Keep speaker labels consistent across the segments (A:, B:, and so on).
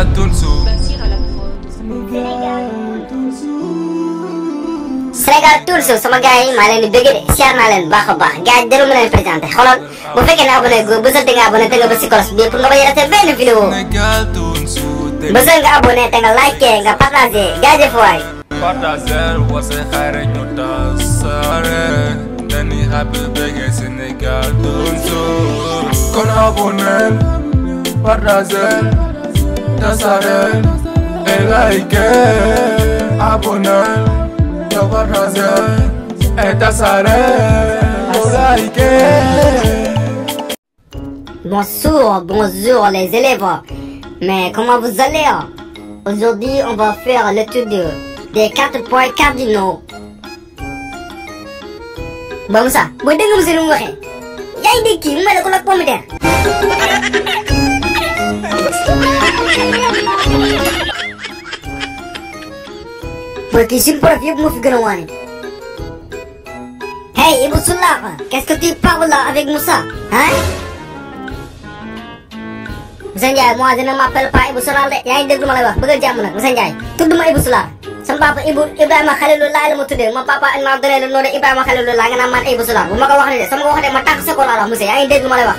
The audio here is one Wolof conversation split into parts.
A: Sénégal Tonsou. Sénégal sama gars yi maa leen di bëgg de siyaar naa leen baax a baax gars yi dëgg ma leen présenté xoolal bu fekkee ne abonné gu bësal te nga abonné te nga si kolos bi pour nga bañ a raté benn vidéo. bësal nga abonné te nga like nga partagé jaajëf waay. partager wasa xare ñu tasaare. dañuy àpp bége tasarel et liker les élèves. Mais comment vous allez Aujourd'hui, on va faire l'étude des quatre points cardinaux. Bon ça, boo dégg nga monsieur lu mu waxee. yaay dégg kii mu mel ne ku lakk pomme de terre. Părtisul profil mă fi grăoane. Hei, e busulava! Qu'est-ce que tu parles avec Moussa? Hein? Moussa Ndiaye, moi je ne m'appelle pas Ibou Solal de. yaa ngi déglu ma lay wax bëggal jàmm nag Moussa Ndiaye. tudd ma Ibou Solal. sama papa Ibou Ibrahima Khalilullah la ma tuddee ma papa ma donné le nom de Ibrahima Khalilullah nga naan man Ibou Solal bu ma ko wax de sama wax de ma tàkk sa ko laa la wax Moussa yaa ngi déglu ma lay wax.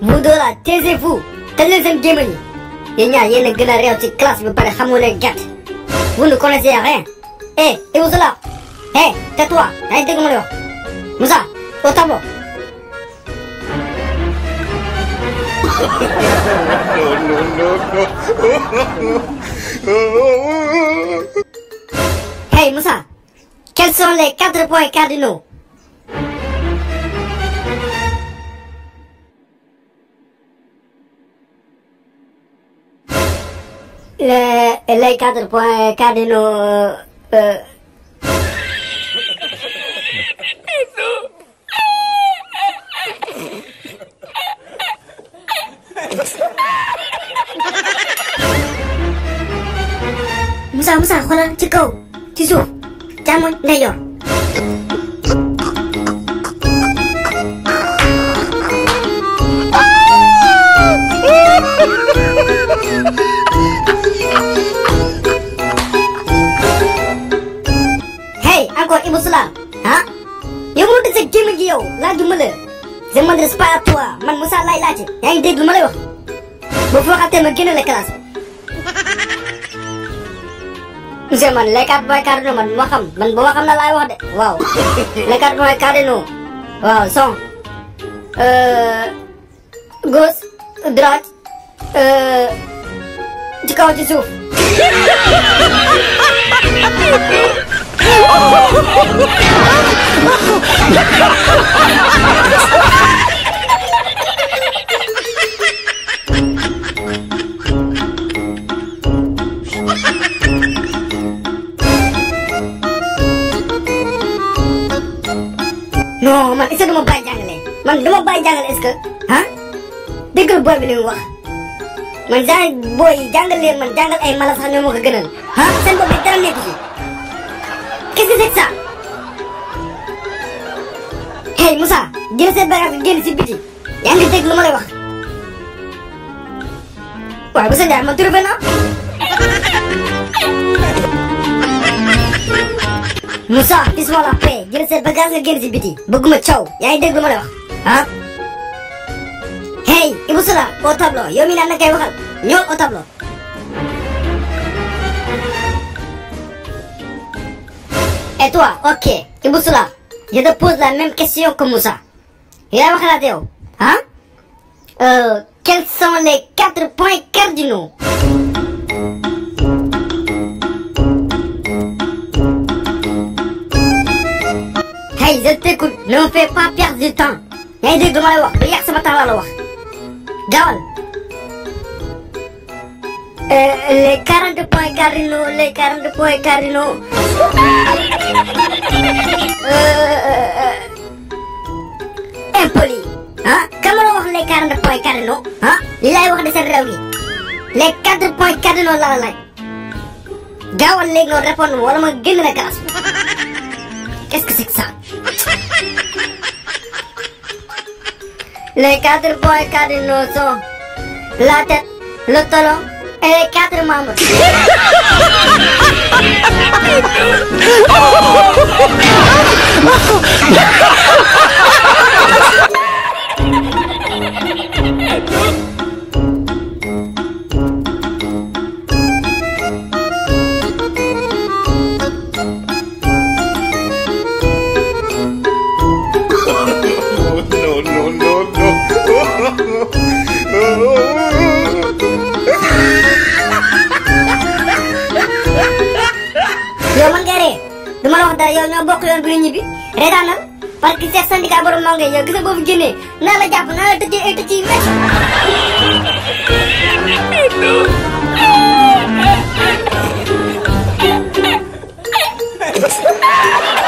A: mu door e, e a teese fu tëj leen seen gémmañ yéen ñaar yéen a gën a réew ci classe bi pare xamoo ne gàtt vous ne connaissez rien eh et vous là toi yaa ngi dégg ma lay wax Moussa au tableau sont les quatre points cardinaux les, e les quatre points eh, cardinaux. Euh, euh. Moussa Moussa xoolal ci kaw ci suuf càmmoñ ndeyjoor laajte yaa ngi dégg lu ma lay wax ba foo xam te ma génne la classe monsieur man lekkat mooy cardinal man moo xam man ba ma xam na laay wax de waaw lekkat mooy cardinal waaw son euh, gauche droite euh, ci kaw ci suuf non man est-ce que dama bàyyi jàngale man dama bàyyi jàngale est-ce que ah déggal booy bi li mu wax man genre booy yi jàngal leen man jàngal ay mala sax ñoo ma ko gënal ah seen bopp bi dara nekk ci qu'est-ce que c'est ça hey Moussa jël seen bagage génn si biti yaa ngi lu ma lay wax waaye bu sa man trouvé naa Moussa fils-moi la paix jël sa bagage nga génn si biti bëgguma coow yaa ngi dégg lu ma wax ah. hey Sula au tableau yow mii naan la koy ok Ibou Sula je te la même question que Moussa yaa waxalaat yow ah. quels sont les quatre points cardinaux. je t'écoute ne me fais pas perdre du temps yaa ngi dégg dama lay wax ba yàgg sama temps la wax gaawal les quarante points cardinaux les quarante points cardinaux euh, euh, euh, impoli ah kan ma la wax les quarante points cardinaux ah li lay wax de seen réew yi les quatre points cardinaux la la laaj gaawal léegi noonu répondre wala ma génn la classe qu'est-ce que c'est que ça les quatre points cardinaux sont la tête, le talon et les quatre membres. du ma la wax dara yow ñoo bokk yoon bu ñu ñibbi reetaanal parce que chef syndicat borom ndongo yow gis nga boo fi génnee naa la jàpp naa la tëjee ay tëj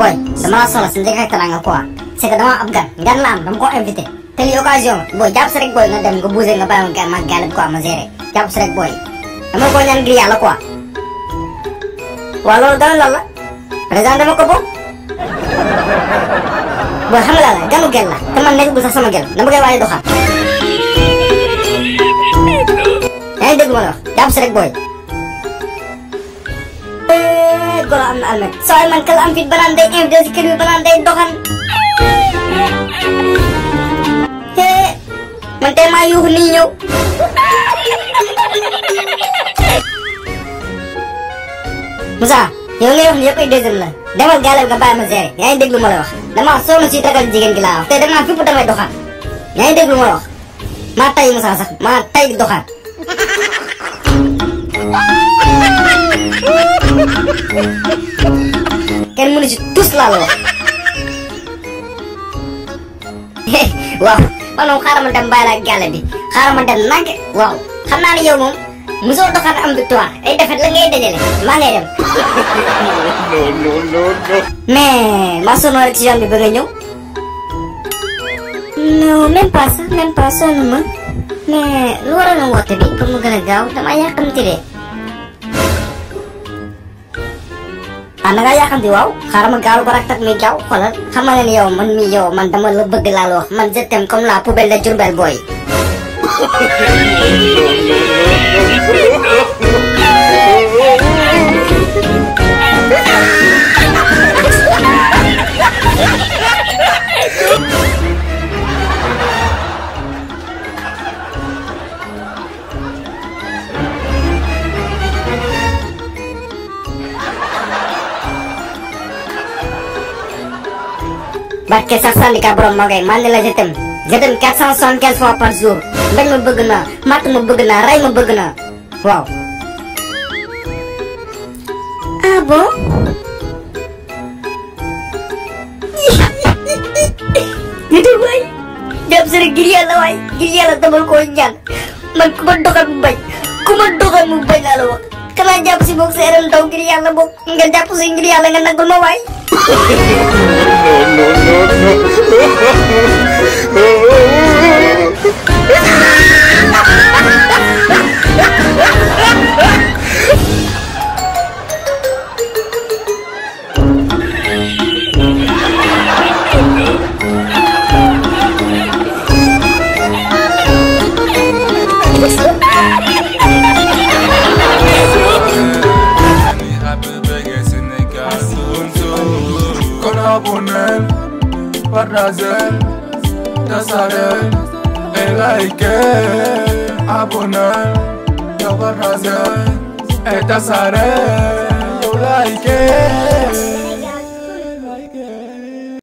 A: booy damaa soxla si njëkk ak teraanga quoi c'est que dama am gan gan la am dama koo invité te lii occasion la booy jàpp si rek booy nga dem nga bousee nga bàyyi ma ma gàllab quoi ma géré jàpp si rek booy dama ko ñaan ngir yàlla quoi. waaw loolu dana lan la président dama ko bokk booy xam nga la ganu gel la te man nekkagul sax sama gel dama koy waaj a doxal. yaa ngi dégg ma la wax jàpp si rek booy. goro am na almet sooy man kala am fit ba naan day invité si kër bi ba naan day doxan hee man tey maa yuuxu nit ñi ñëw Moussa yow ngay wax ni la demal gaale nga bàyyi ma géré yaa déglu ma la wax dama wax soo ma siy jigéen gi laa wax te dem naa fépp damay doxaan yaa ngi déglu ma la wax maa tay Moussa sax maa tay doxaan kenn mënu ci tus laa la wax waaw man moom xaaral ma la ak gàlle bi xaaral ma dem nànk waaw xam naa ne yow moom mosoo doxal am victoire ay defet la ngay dajale maa ngay dem. non non non. mais maa bi ba nga ñëw. non même pas sax même pas sonn ma mais lu waroon a woote bi pour gën a gaaw damaa yàqamti de. ah da ngaa yaaxanti waaw xaaral ma gaalu ko raktak mi jaaw yow man mi yow man dama la bëgg laa la wax man je t'aime comme la poubelle de Diourbel booy barke sax syndicat borom moo ngay man ne la je t'aime je t'aime quatre cent par jour mbañ ma bëgg naa matt ma bëgg naa rey ma bëgg naa waaw ah bon ñu def waay dem sëri ngir yàlla waay ngir koo ñaan man ku ma mu bañ ku ma mu bañ laa la wax si boog sa eral daw ngir yàlla boog si ngir yàlla nga nangul ma waay no, no, no. partager tasaare et liker abonner yow partager et tasaare yow liker